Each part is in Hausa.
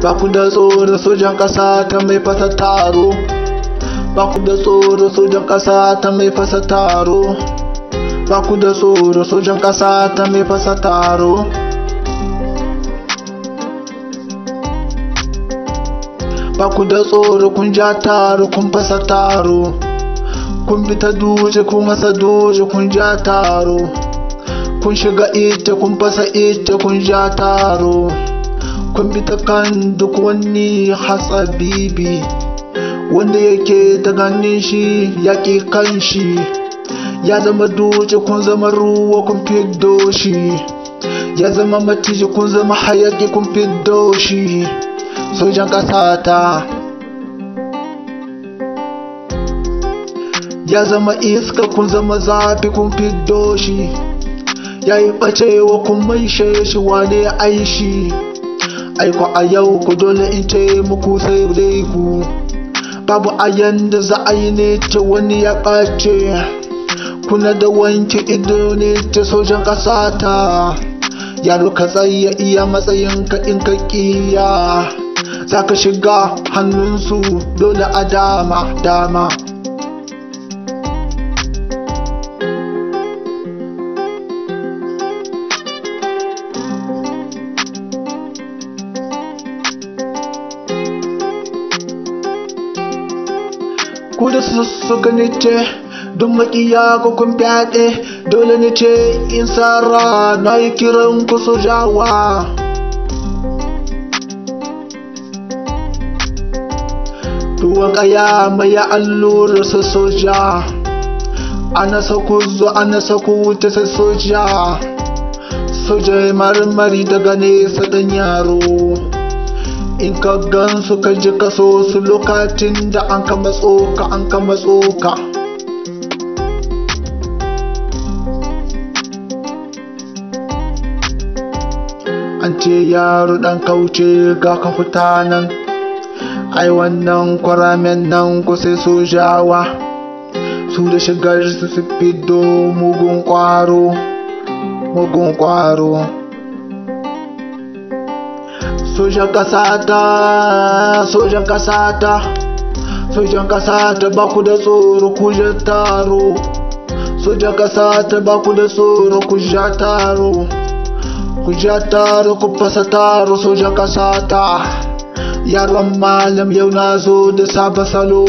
ba da tsoro sojan ƙasa ta mai fasa taro ba da tsoro sojan ƙasa ta mai fasa taro ba da tsoro sojan ƙasa ta mai fasa taro ba da tsoro kun ja taro kun fasa taro kun bi ta duje kun masa duje kun ja taro kun shiga ita kun fasa ita kun ja taro kun bi ta kan duk wani hatsabibi wanda yake ta ganin shi yaƙi kan shi ya zama duce kun zama ruwa kun fiddo shi ya zama matiji kun zama hayaki kun fiddo shi sojan ƙasa ta ya zama iska kun zama zafi kun fiddo shi ya yi ɓacewa kun maishe shi wane aishi aiko a yau ku dole in ce muku sai dai ku babu ayan da za a yi ne ta wani ya ɓace kuna da wanke ido ne ta sojan ƙasa ta yaro ka tsaye iya matsayin ka in ka ƙiya za ka shiga hannunsu dole a dama dama ku da su ni ce don makiya ko kun fyaɗe dole ni ce in sara na yi kiran ku sojawa tuwa kaya mai allurar sa soja ana saku zo ana saku wuta sa soja soja marmari daga nesa dan yaro in ka gan su ka ji kaso su lokacin da an ka matso ka an ka matso ka an ce yaro dan kauce ga ka fita nan ai wannan kwaramen nan ko sai sojawa su da shigar su su fido mugun kwaro mugun kwaro Soja kasata soja kasata soja kasata ba ku da tsoro ku je taro soja ƙasa ba ku da tsoro ku ja taro ku ja taro ku fasa taro soja ƙasa yaron malam yau na zo da sabon salo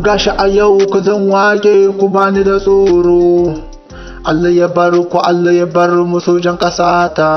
gashi a yau ku zan wake ku bani da tsoro Allah ya bar ku Allah ya bar mu sojan ƙasa ta